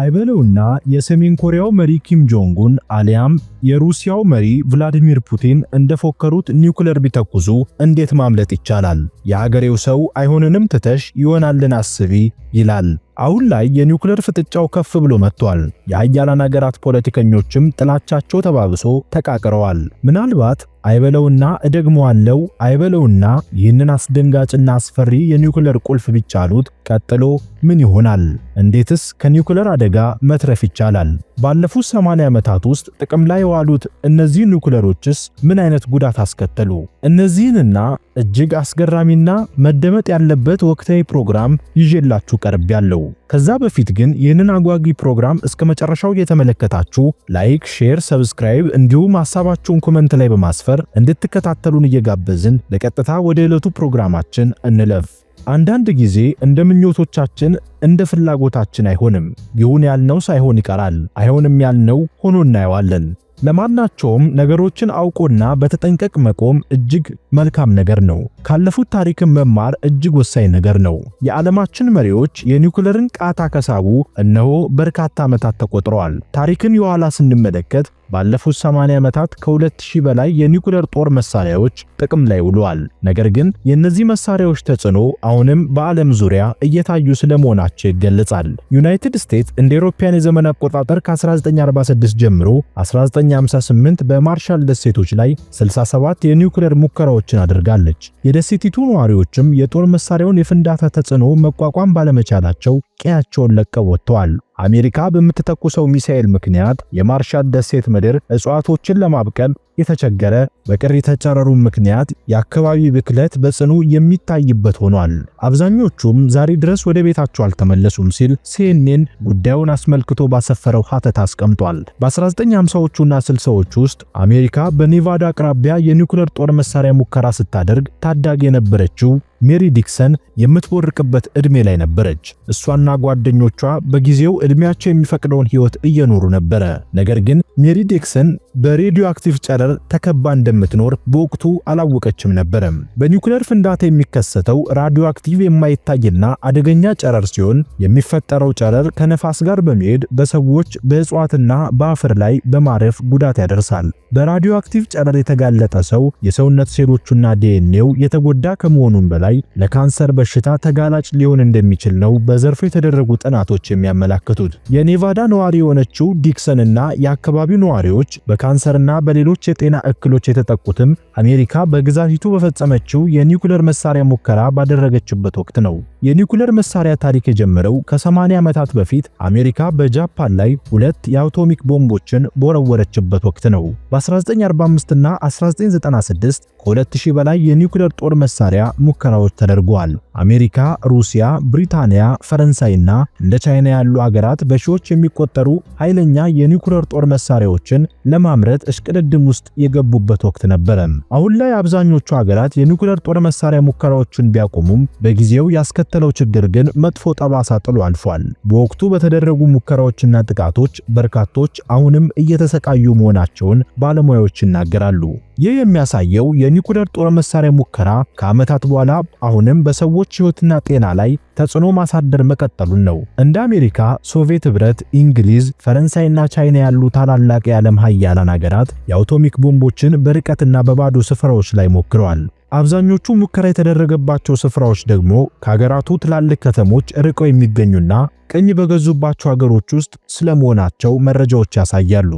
አይበለውና የሰሜን ኮሪያው መሪ ኪም ጆንግ ኡን አሊያም የሩሲያው መሪ ቭላዲሚር ፑቲን እንደፎከሩት ኒውክለር ቢተኩዙ እንዴት ማምለጥ ይቻላል? የአገሬው ሰው አይሆንንም ትተሽ ይሆናልን አስቢ ይላል። አሁን ላይ የኒውክሌር ፍጥጫው ከፍ ብሎ መጥቷል። የአያላን አገራት ፖለቲከኞችም ጥላቻቸው ተባብሶ ተቃቅረዋል። ምናልባት አይበለውና እደግመዋለው አይበለውና ይህንን አስደንጋጭና አስፈሪ የኒውክሌር ቁልፍ ቢቻሉት ቀጥሎ ምን ይሆናል? እንዴትስ ከኒውክሌር አደጋ መትረፍ ይቻላል? ባለፉት 80 ዓመታት ውስጥ ጥቅም ላይ የዋሉት እነዚህ ኒውክለሮችስ ምን አይነት ጉዳት አስከተሉ? እነዚህንና እጅግ አስገራሚና መደመጥ ያለበት ወቅታዊ ፕሮግራም ይዤላችሁ ያለው። ከዛ በፊት ግን ይህንን አጓጊ ፕሮግራም እስከ መጨረሻው እየተመለከታችሁ ላይክ፣ ሼር፣ ሰብስክራይብ እንዲሁም ሀሳባችሁን ኮመንት ላይ በማስፈር እንድትከታተሉን እየጋበዝን በቀጥታ ወደ ዕለቱ ፕሮግራማችን እንለፍ። አንዳንድ ጊዜ እንደ ምኞቶቻችን እንደ ፍላጎታችን አይሆንም። ይሁን ያልነው ሳይሆን ይቀራል። አይሆንም ያልነው ሆኖ እናየዋለን። ለማናቸውም ነገሮችን አውቆና በተጠንቀቅ መቆም እጅግ መልካም ነገር ነው። ካለፉት ታሪክን መማር እጅግ ወሳኝ ነገር ነው። የዓለማችን መሪዎች የኒውክለርን ቃታ ከሳቡ እነሆ በርካታ ዓመታት ተቆጥረዋል። ታሪክን የኋላ ስንመለከት ባለፉት 80 ዓመታት ከ2000 በላይ የኒኩሌር ጦር መሳሪያዎች ጥቅም ላይ ውለዋል። ነገር ግን የእነዚህ መሳሪያዎች ተጽዕኖ አሁንም በዓለም ዙሪያ እየታዩ ስለመሆናቸው ይገለጻል። ዩናይትድ ስቴትስ እንደ አውሮፓውያን የዘመን አቆጣጠር ከ1946 ጀምሮ 1958 በማርሻል ደሴቶች ላይ 67 የኒኩሌር ሙከራዎችን አድርጋለች። የደሴቲቱ ነዋሪዎችም የጦር መሳሪያውን የፍንዳታ ተጽዕኖ መቋቋም ባለመቻላቸው ቀያቸውን ለቀው ወጥተዋል። አሜሪካ በምትተኩሰው ሚሳኤል ምክንያት የማርሻል ደሴት ምድር እጽዋቶችን ለማብቀል የተቸገረ በቅር የተጨረሩ ምክንያት የአካባቢ ብክለት በጽኑ የሚታይበት ሆኗል። አብዛኞቹም ዛሬ ድረስ ወደ ቤታቸው አልተመለሱም ሲል ሲኤንኤን ጉዳዩን አስመልክቶ ባሰፈረው ሀተት አስቀምጧል። በ1950ዎቹና 60ዎቹ ውስጥ አሜሪካ በኔቫዳ አቅራቢያ የኒውክለር ጦር መሳሪያ ሙከራ ስታደርግ ታዳጊ የነበረችው ሜሪ ዲክሰን የምትቦርቅበት ዕድሜ ላይ ነበረች። እሷና ጓደኞቿ በጊዜው ዕድሜያቸው የሚፈቅደውን ሕይወት እየኖሩ ነበረ። ነገር ግን ሜሪ ዲክሰን በሬዲዮ አክቲቭ ጨረር ተከባ እንደምትኖር በወቅቱ አላወቀችም ነበርም። በኒውክሌር ፍንዳታ የሚከሰተው ራዲዮ አክቲቭ የማይታይና አደገኛ ጨረር ሲሆን የሚፈጠረው ጨረር ከነፋስ ጋር በመሄድ በሰዎች በእጽዋትና በአፈር ላይ በማረፍ ጉዳት ያደርሳል። በራዲዮ አክቲቭ ጨረር የተጋለጠ ሰው የሰውነት ሴሎቹና ዲኤንኤው የተጎዳ ከመሆኑም በላይ ለካንሰር በሽታ ተጋላጭ ሊሆን እንደሚችል ነው በዘርፉ የተደረጉ ጥናቶች የሚያመላክቱት። የኔቫዳ ነዋሪ የሆነችው ዲክሰንና የአካባቢው ነዋሪዎች በካ በካንሰርና በሌሎች የጤና እክሎች የተጠቁትም አሜሪካ በግዛቲቱ በፈጸመችው የኒውክሌር መሳሪያ ሙከራ ባደረገችበት ወቅት ነው። የኒውክለር መሳሪያ ታሪክ የጀመረው ከ80 ዓመታት በፊት አሜሪካ በጃፓን ላይ ሁለት የአቶሚክ ቦምቦችን በወረወረችበት ወቅት ነው። በ1945 እና 1996 ከ2000 በላይ የኒውክለር ጦር መሳሪያ ሙከራዎች ተደርጓል። አሜሪካ፣ ሩሲያ፣ ብሪታንያ፣ ፈረንሳይና እንደ ቻይና ያሉ አገራት በሺዎች የሚቆጠሩ ኃይለኛ የኒውክለር ጦር መሳሪያዎችን ለማምረት እሽቅድድም ውስጥ የገቡበት ወቅት ነበረ። አሁን ላይ አብዛኞቹ አገራት የኒውክለር ጦር መሳሪያ ሙከራዎችን ቢያቆሙም በጊዜው ያስከ ያስከተለው ችግር ግን መጥፎ ጠባሳ ጥሎ አልፏል። በወቅቱ በተደረጉ ሙከራዎችና ጥቃቶች በርካቶች አሁንም እየተሰቃዩ መሆናቸውን ባለሙያዎች ይናገራሉ። ይህ የሚያሳየው የኒኩለር ጦር መሳሪያ ሙከራ ከዓመታት በኋላ አሁንም በሰዎች ሕይወትና ጤና ላይ ተጽዕኖ ማሳደር መቀጠሉን ነው። እንደ አሜሪካ፣ ሶቪየት ኅብረት፣ እንግሊዝ፣ ፈረንሳይና ቻይና ያሉ ታላላቅ የዓለም ሀያላን ሀገራት የአቶሚክ ቦምቦችን በርቀትና በባዶ ስፍራዎች ላይ ሞክረዋል። አብዛኞቹ ሙከራ የተደረገባቸው ስፍራዎች ደግሞ ከሀገራቱ ትላልቅ ከተሞች ርቀው የሚገኙና ቅኝ በገዙባቸው ሀገሮች ውስጥ ስለመሆናቸው መረጃዎች ያሳያሉ።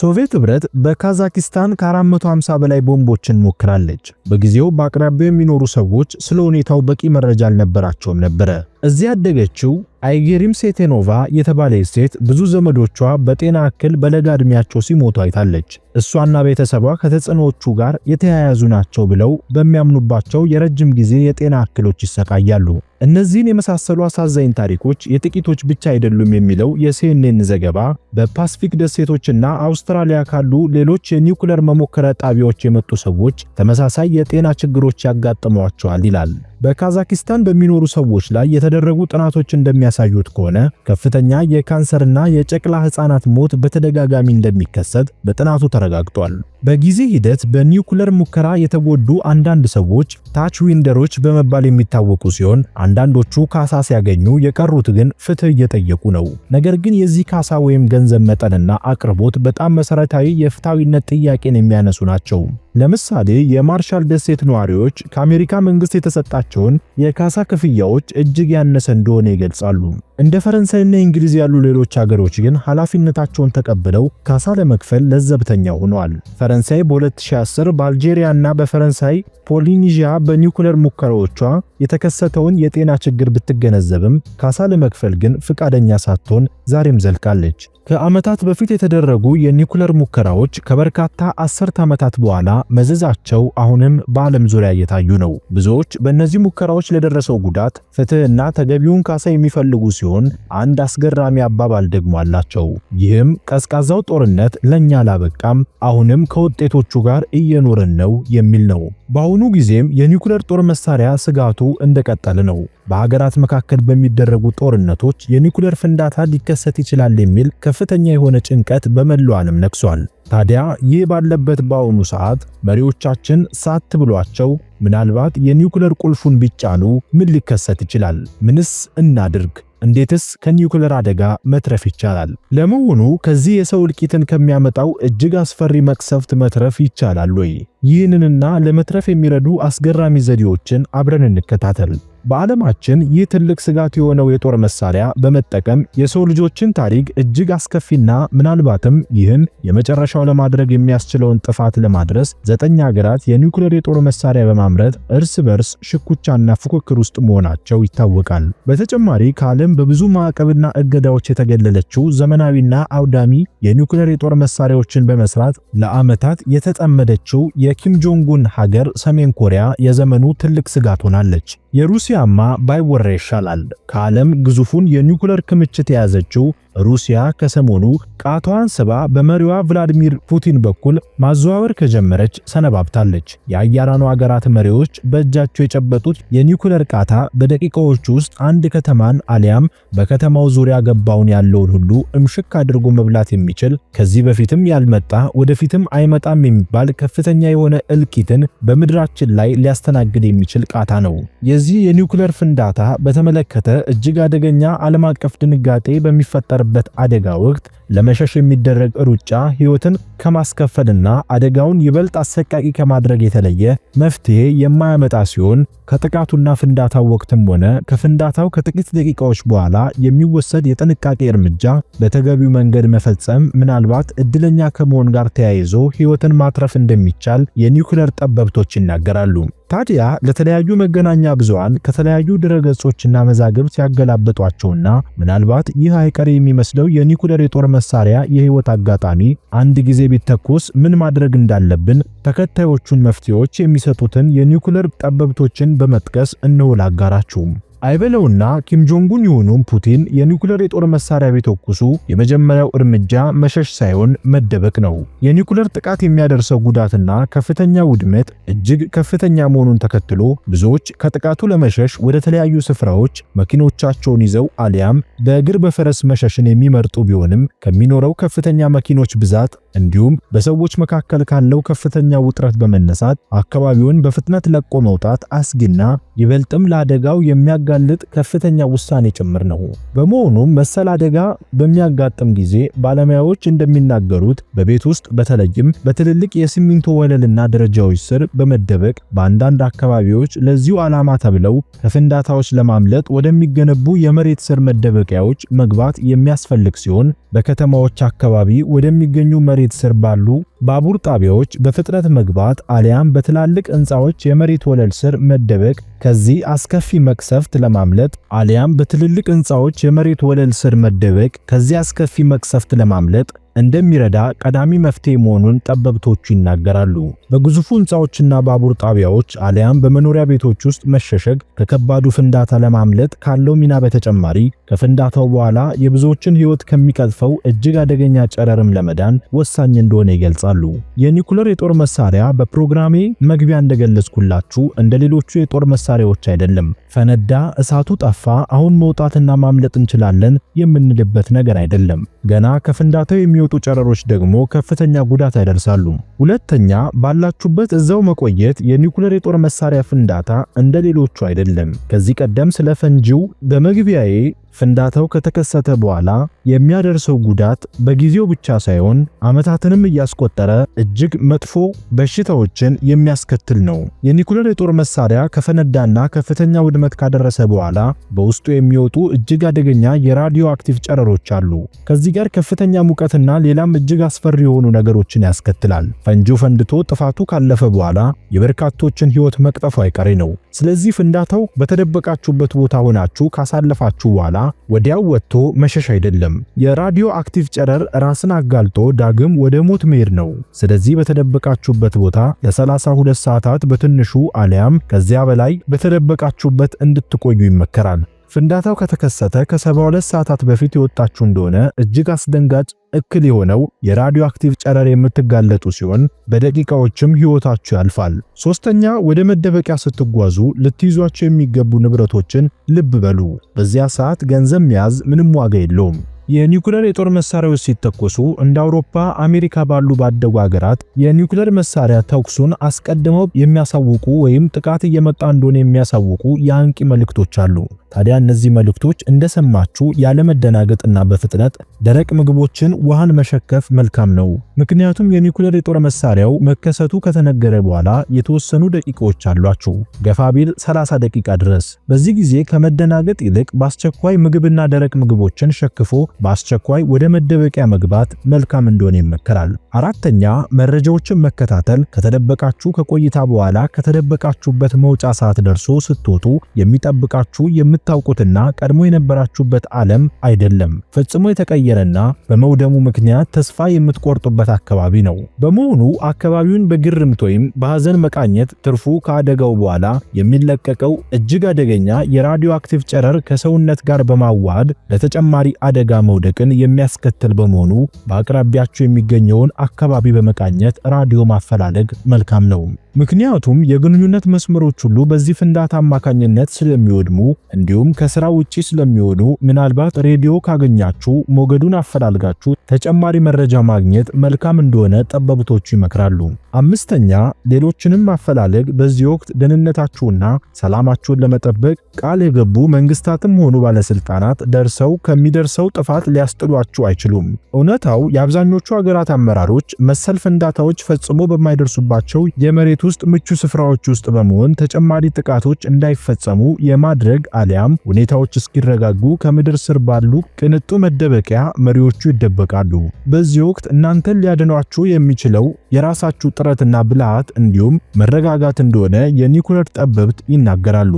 ሶቪየት ኅብረት በካዛኪስታን ከ450 በላይ ቦምቦችን ሞክራለች። በጊዜው በአቅራቢያው የሚኖሩ ሰዎች ስለ ሁኔታው በቂ መረጃ አልነበራቸውም ነበረ። እዚያ ያደገችው አይጌሪም ሴቴኖቫ የተባለች ሴት ብዙ ዘመዶቿ በጤና እክል በለጋ ዕድሜያቸው ሲሞቱ አይታለች። እሷና ቤተሰቧ ከተጽዕኖዎቹ ጋር የተያያዙ ናቸው ብለው በሚያምኑባቸው የረጅም ጊዜ የጤና እክሎች ይሰቃያሉ። እነዚህን የመሳሰሉ አሳዛኝ ታሪኮች የጥቂቶች ብቻ አይደሉም የሚለው የሲኤንኤን ዘገባ በፓስፊክ ደሴቶችና አውስትራሊያ ካሉ ሌሎች የኒውክለር መሞከሪያ ጣቢያዎች የመጡ ሰዎች ተመሳሳይ የጤና ችግሮች ያጋጥሟቸዋል ይላል። በካዛክስታን በሚኖሩ ሰዎች ላይ የተደረጉ ጥናቶች እንደሚያሳዩት ከሆነ ከፍተኛ የካንሰርና የጨቅላ ህፃናት ሞት በተደጋጋሚ እንደሚከሰት በጥናቱ ተረጋግጧል። በጊዜ ሂደት በኒውክለር ሙከራ የተጎዱ አንዳንድ ሰዎች ታች ዊንደሮች በመባል የሚታወቁ ሲሆን አንዳንዶቹ ካሳ ሲያገኙ፣ የቀሩት ግን ፍትህ እየጠየቁ ነው። ነገር ግን የዚህ ካሳ ወይም ገንዘብ መጠንና አቅርቦት በጣም መሰረታዊ የፍትሐዊነት ጥያቄን የሚያነሱ ናቸው። ለምሳሌ የማርሻል ደሴት ነዋሪዎች ከአሜሪካ መንግስት የተሰጣቸውን የካሳ ክፍያዎች እጅግ ያነሰ እንደሆነ ይገልጻሉ። እንደ ፈረንሳይና እንግሊዝ ያሉ ሌሎች ሀገሮች ግን ኃላፊነታቸውን ተቀብለው ካሳ ለመክፈል ለዘብተኛ ሆኗል። ፈረንሳይ በ2010 በአልጄሪያ እና በፈረንሳይ ፖሊኒዥያ በኒውክለር ሙከራዎቿ የተከሰተውን የጤና ችግር ብትገነዘብም ካሳ ለመክፈል ግን ፍቃደኛ ሳትሆን ዛሬም ዘልቃለች። ከዓመታት በፊት የተደረጉ የኒውክለር ሙከራዎች ከበርካታ አስርት ዓመታት በኋላ መዘዛቸው አሁንም በዓለም ዙሪያ እየታዩ ነው። ብዙዎች በእነዚህ ሙከራዎች ለደረሰው ጉዳት ፍትህና ተገቢውን ካሳ የሚፈልጉ ሲሆን ሲሆን አንድ አስገራሚ አባባል ደግሞ አላቸው። ይህም ቀዝቃዛው ጦርነት ለእኛ አላበቃም፣ አሁንም ከውጤቶቹ ጋር እየኖርን ነው የሚል ነው። በአሁኑ ጊዜም የኒውክሌር ጦር መሳሪያ ስጋቱ እንደቀጠለ ነው። በሀገራት መካከል በሚደረጉ ጦርነቶች የኒውክለር ፍንዳታ ሊከሰት ይችላል የሚል ከፍተኛ የሆነ ጭንቀት በመላው ዓለም ነግሷል። ታዲያ ይህ ባለበት በአሁኑ ሰዓት መሪዎቻችን ሳት ብሏቸው ምናልባት የኒውክለር ቁልፉን ቢጫኑ ምን ሊከሰት ይችላል? ምንስ እናድርግ? እንዴትስ ከኒውክለር አደጋ መትረፍ ይቻላል? ለመሆኑ ከዚህ የሰው እልቂትን ከሚያመጣው እጅግ አስፈሪ መቅሰፍት መትረፍ ይቻላል ወይ? ይህንንና ለመትረፍ የሚረዱ አስገራሚ ዘዴዎችን አብረን እንከታተል። በዓለማችን ይህ ትልቅ ስጋት የሆነው የጦር መሳሪያ በመጠቀም የሰው ልጆችን ታሪክ እጅግ አስከፊና ምናልባትም ይህን የመጨረሻው ለማድረግ የሚያስችለውን ጥፋት ለማድረስ ዘጠኝ ሀገራት የኒውክሌር የጦር መሳሪያ በማምረት እርስ በርስ ሽኩቻና ፉክክር ውስጥ መሆናቸው ይታወቃል። በተጨማሪ ከዓለም በብዙ ማዕቀብና እገዳዎች የተገለለችው ዘመናዊና አውዳሚ የኒውክሌር የጦር መሳሪያዎችን በመስራት ለዓመታት የተጠመደችው የኪም ጆንግ ኡን ሀገር ሰሜን ኮሪያ የዘመኑ ትልቅ ስጋት ሆናለች። የሩሲያማ ባይወራ ይሻላል። ከዓለም ግዙፉን የኒውክለር ክምችት የያዘችው ሩሲያ ከሰሞኑ ቃቷን ስባ በመሪዋ ቭላዲሚር ፑቲን በኩል ማዘዋወር ከጀመረች ሰነባብታለች። የአያራኑ አገራት መሪዎች በእጃቸው የጨበጡት የኒውክለር ቃታ በደቂቃዎች ውስጥ አንድ ከተማን አሊያም በከተማው ዙሪያ ገባውን ያለውን ሁሉ እምሽክ አድርጎ መብላት የሚችል ከዚህ በፊትም ያልመጣ ወደፊትም አይመጣም የሚባል ከፍተኛ የሆነ እልቂትን በምድራችን ላይ ሊያስተናግድ የሚችል ቃታ ነው። የዚህ የኒውክሌር ፍንዳታ በተመለከተ እጅግ አደገኛ ዓለም አቀፍ ድንጋጤ በሚፈጠርበት አደጋ ወቅት ለመሸሽ የሚደረግ ሩጫ ሕይወትን ከማስከፈልና አደጋውን ይበልጥ አሰቃቂ ከማድረግ የተለየ መፍትሄ የማያመጣ ሲሆን ከጥቃቱና ፍንዳታው ወቅትም ሆነ ከፍንዳታው ከጥቂት ደቂቃዎች በኋላ የሚወሰድ የጥንቃቄ እርምጃ በተገቢው መንገድ መፈጸም ምናልባት እድለኛ ከመሆን ጋር ተያይዞ ሕይወትን ማትረፍ እንደሚቻል የኒውክለር ጠበብቶች ይናገራሉ። ታዲያ ለተለያዩ መገናኛ ብዙሃን ከተለያዩ ድረገጾችና መዛግብት ያገላበጧቸውና ምናልባት ይህ አይቀሬ የሚመስለው የኒውክለር የጦር መሳሪያ የህይወት አጋጣሚ አንድ ጊዜ ቢተኮስ ምን ማድረግ እንዳለብን ተከታዮቹን መፍትሄዎች የሚሰጡትን የኒውክለር ጠበብቶችን በመጥቀስ እንውል አጋራችሁም። አይበለውና ኪም ጆንጉን ይሁኑም ፑቲን የኒውክለር የጦር መሳሪያ ቢተኩሱ የመጀመሪያው እርምጃ መሸሽ ሳይሆን መደበቅ ነው። የኒውክሌር ጥቃት የሚያደርሰው ጉዳትና ከፍተኛ ውድመት እጅግ ከፍተኛ መሆኑን ተከትሎ ብዙዎች ከጥቃቱ ለመሸሽ ወደ ተለያዩ ስፍራዎች መኪኖቻቸውን ይዘው አሊያም በእግር በፈረስ መሸሽን የሚመርጡ ቢሆንም ከሚኖረው ከፍተኛ መኪኖች ብዛት እንዲሁም በሰዎች መካከል ካለው ከፍተኛ ውጥረት በመነሳት አካባቢውን በፍጥነት ለቆ መውጣት አስጊና ይበልጥም ለአደጋው የሚያጋልጥ ከፍተኛ ውሳኔ ጭምር ነው። በመሆኑም መሰል አደጋ በሚያጋጥም ጊዜ ባለሙያዎች እንደሚናገሩት በቤት ውስጥ በተለይም በትልልቅ የሲሚንቶ ወለልና ደረጃዎች ስር በመደበቅ በአንዳንድ አካባቢዎች ለዚሁ ዓላማ ተብለው ከፍንዳታዎች ለማምለጥ ወደሚገነቡ የመሬት ስር መደበቂያዎች መግባት የሚያስፈልግ ሲሆን በከተማዎች አካባቢ ወደሚገኙ መሬት ቤተሰብ ባሉ ባቡር ጣቢያዎች በፍጥነት መግባት አሊያም በትላልቅ ህንፃዎች የመሬት ወለል ስር መደበቅ ከዚህ አስከፊ መቅሰፍት ለማምለጥ አሊያም በትልልቅ ህንፃዎች የመሬት ወለል ስር መደበቅ ከዚህ አስከፊ መቅሰፍት ለማምለጥ እንደሚረዳ ቀዳሚ መፍትሄ መሆኑን ጠበብቶቹ ይናገራሉ። በግዙፉ ህንፃዎችና ባቡር ጣቢያዎች አሊያም በመኖሪያ ቤቶች ውስጥ መሸሸግ ከከባዱ ፍንዳታ ለማምለጥ ካለው ሚና በተጨማሪ ከፍንዳታው በኋላ የብዙዎችን ህይወት ከሚቀጥፈው እጅግ አደገኛ ጨረርም ለመዳን ወሳኝ እንደሆነ ይገልጻል። ይገልጻሉ። የኒኩለር የጦር መሳሪያ በፕሮግራሜ መግቢያ እንደገለጽኩላችሁ እንደ ሌሎቹ የጦር መሳሪያዎች አይደለም። ፈነዳ፣ እሳቱ ጠፋ፣ አሁን መውጣትና ማምለጥ እንችላለን የምንልበት ነገር አይደለም። ገና ከፍንዳታው የሚወጡ ጨረሮች ደግሞ ከፍተኛ ጉዳት ያደርሳሉ። ሁለተኛ፣ ባላችሁበት እዛው መቆየት። የኒኩለር የጦር መሳሪያ ፍንዳታ እንደ ሌሎቹ አይደለም። ከዚህ ቀደም ስለ ፈንጂው በመግቢያዬ ፍንዳታው ከተከሰተ በኋላ የሚያደርሰው ጉዳት በጊዜው ብቻ ሳይሆን ዓመታትንም እያስቆጠረ እጅግ መጥፎ በሽታዎችን የሚያስከትል ነው። የኒኩለር የጦር መሳሪያ ከፈነዳና ከፍተኛ ውድመት ካደረሰ በኋላ በውስጡ የሚወጡ እጅግ አደገኛ የራዲዮ አክቲቭ ጨረሮች አሉ። ከዚህ ጋር ከፍተኛ ሙቀትና ሌላም እጅግ አስፈሪ የሆኑ ነገሮችን ያስከትላል። ፈንጂው ፈንድቶ ጥፋቱ ካለፈ በኋላ የበርካቶችን ሕይወት መቅጠፉ አይቀሬ ነው። ስለዚህ ፍንዳታው በተደበቃችሁበት ቦታ ሆናችሁ ካሳለፋችሁ በኋላ ወዲያው ወጥቶ መሸሽ አይደለም። የራዲዮ አክቲቭ ጨረር ራስን አጋልጦ ዳግም ወደ ሞት መሄድ ነው። ስለዚህ በተደበቃችሁበት ቦታ ለ32 ሰዓታት በትንሹ አሊያም ከዚያ በላይ በተደበቃችሁበት እንድትቆዩ ይመከራል። ፍንዳታው ከተከሰተ ከ72 ሰዓታት በፊት የወጣችው እንደሆነ እጅግ አስደንጋጭ እክል የሆነው የራዲዮ አክቲቭ ጨረር የምትጋለጡ ሲሆን በደቂቃዎችም ህይወታችሁ ያልፋል። ሶስተኛ፣ ወደ መደበቂያ ስትጓዙ ልትይዟቸው የሚገቡ ንብረቶችን ልብ በሉ። በዚያ ሰዓት ገንዘብ መያዝ ምንም ዋጋ የለውም። የኒውክሌር የጦር መሳሪያዎች ሲተኮሱ እንደ አውሮፓ፣ አሜሪካ ባሉ ባደጉ ሀገራት የኒውክሌር መሳሪያ ተኩሱን አስቀድመው የሚያሳውቁ ወይም ጥቃት እየመጣ እንደሆነ የሚያሳውቁ የአንቂ መልእክቶች አሉ። ታዲያ እነዚህ መልእክቶች እንደሰማችሁ ያለመደናገጥና በፍጥነት ደረቅ ምግቦችን፣ ውሃን መሸከፍ መልካም ነው። ምክንያቱም የኒውክሌር የጦር መሳሪያው መከሰቱ ከተነገረ በኋላ የተወሰኑ ደቂቃዎች አሏችሁ፣ ገፋ ቢል 30 ደቂቃ ድረስ። በዚህ ጊዜ ከመደናገጥ ይልቅ በአስቸኳይ ምግብና ደረቅ ምግቦችን ሸክፎ በአስቸኳይ ወደ መደበቂያ መግባት መልካም እንደሆነ ይመከራል። አራተኛ መረጃዎችን መከታተል። ከተደበቃችሁ ከቆይታ በኋላ ከተደበቃችሁበት መውጫ ሰዓት ደርሶ ስትወጡ የሚጠብቃችሁ የም የምታውቁትና ቀድሞ የነበራችሁበት ዓለም አይደለም። ፈጽሞ የተቀየረና በመውደሙ ምክንያት ተስፋ የምትቆርጡበት አካባቢ ነው። በመሆኑ አካባቢውን በግርምት ወይም በሐዘን መቃኘት ትርፉ ከአደጋው በኋላ የሚለቀቀው እጅግ አደገኛ የራዲዮ አክቲቭ ጨረር ከሰውነት ጋር በማዋሃድ ለተጨማሪ አደጋ መውደቅን የሚያስከትል በመሆኑ በአቅራቢያችሁ የሚገኘውን አካባቢ በመቃኘት ራዲዮ ማፈላለግ መልካም ነው። ምክንያቱም የግንኙነት መስመሮች ሁሉ በዚህ ፍንዳታ አማካኝነት ስለሚወድሙ እንደ እንዲሁም ከስራ ውጪ ስለሚሆኑ ምናልባት ሬዲዮ ካገኛችሁ ሞገዱን አፈላልጋችሁ ተጨማሪ መረጃ ማግኘት መልካም እንደሆነ ጠበብቶቹ ይመክራሉ። አምስተኛ ሌሎችንም ማፈላለግ በዚህ ወቅት ደህንነታችሁና ሰላማችሁን ለመጠበቅ ቃል የገቡ መንግስታትም ሆኑ ባለስልጣናት ደርሰው ከሚደርሰው ጥፋት ሊያስጥሏችሁ አይችሉም። እውነታው የአብዛኞቹ ሀገራት አመራሮች መሰል ፍንዳታዎች ፈጽሞ በማይደርሱባቸው የመሬት ውስጥ ምቹ ስፍራዎች ውስጥ በመሆን ተጨማሪ ጥቃቶች እንዳይፈጸሙ የማድረግ አሊያም ሁኔታዎች እስኪረጋጉ ከምድር ስር ባሉ ቅንጡ መደበቂያ መሪዎቹ ይደበቃሉ። በዚህ ወቅት እናንተን ሊያድኗችሁ የሚችለው የራሳችሁ ጥረትና ብልሃት እንዲሁም መረጋጋት እንደሆነ የኒኩለር ጠበብት ይናገራሉ።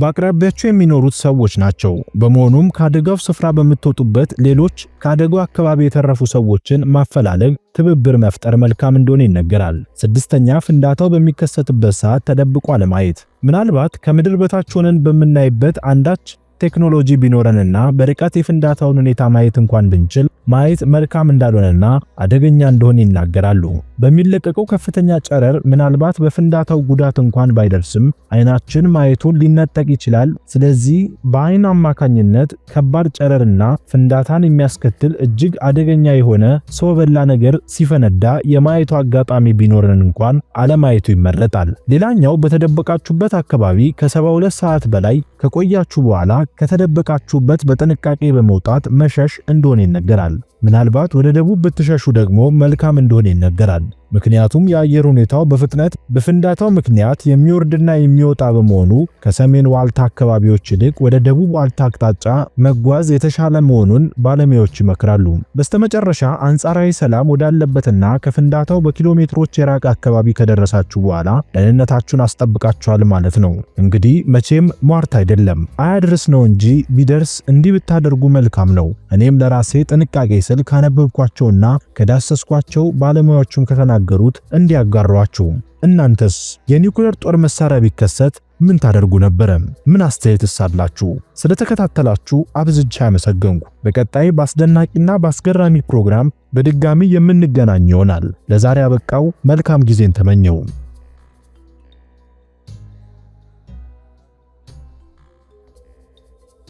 በአቅራቢያቸው የሚኖሩት ሰዎች ናቸው። በመሆኑም ከአደጋው ስፍራ በምትወጡበት ሌሎች ከአደጋው አካባቢ የተረፉ ሰዎችን ማፈላለግ፣ ትብብር መፍጠር መልካም እንደሆነ ይነገራል። ስድስተኛ ፍንዳታው በሚከሰትበት ሰዓት ተደብቆ አለማየት። ምናልባት ከምድር በታች ሆነን በምናይበት አንዳች ቴክኖሎጂ ቢኖረንና በርቀት የፍንዳታውን ሁኔታ ማየት እንኳን ብንችል ማየት መልካም እንዳልሆነና አደገኛ እንደሆነ ይናገራሉ። በሚለቀቀው ከፍተኛ ጨረር ምናልባት በፍንዳታው ጉዳት እንኳን ባይደርስም አይናችን ማየቱን ሊነጠቅ ይችላል። ስለዚህ በአይን አማካኝነት ከባድ ጨረርና ፍንዳታን የሚያስከትል እጅግ አደገኛ የሆነ ሰው በላ ነገር ሲፈነዳ የማየቱ አጋጣሚ ቢኖረን እንኳን አለማየቱ ይመረጣል። ሌላኛው በተደበቃችሁበት አካባቢ ከ72 ሰዓት በላይ ከቆያችሁ በኋላ ከተደበቃችሁበት በጥንቃቄ በመውጣት መሸሽ እንደሆነ ይነገራል። ይነገራል። ምናልባት ወደ ደቡብ ብትሸሹ ደግሞ መልካም እንደሆነ ይነገራል። ምክንያቱም የአየር ሁኔታው በፍጥነት በፍንዳታው ምክንያት የሚወርድና የሚወጣ በመሆኑ ከሰሜን ዋልታ አካባቢዎች ይልቅ ወደ ደቡብ ዋልታ አቅጣጫ መጓዝ የተሻለ መሆኑን ባለሙያዎች ይመክራሉ። በስተመጨረሻ አንጻራዊ ሰላም ወዳለበትና ከፍንዳታው በኪሎ ሜትሮች የራቀ አካባቢ ከደረሳችሁ በኋላ ደህንነታችሁን አስጠብቃችኋል ማለት ነው። እንግዲህ መቼም ሟርት አይደለም አያድርስ ነው እንጂ ቢደርስ እንዲህ ብታደርጉ መልካም ነው። እኔም ለራሴ ጥንቃቄ ስል ካነበብኳቸውና ከዳሰስኳቸው ባለሙያዎቹም ከተናገ እንደተናገሩት እንዲያጋሯችሁ። እናንተስ የኒውክሌር ጦር መሳሪያ ቢከሰት ምን ታደርጉ ነበረ? ምን አስተያየትስ አላችሁ? ስለተከታተላችሁ አብዝቻ ያመሰገንኩ። በቀጣይ በአስደናቂና በአስገራሚ ፕሮግራም በድጋሚ የምንገናኝ ይሆናል። ለዛሬ አበቃው። መልካም ጊዜን ተመኘው።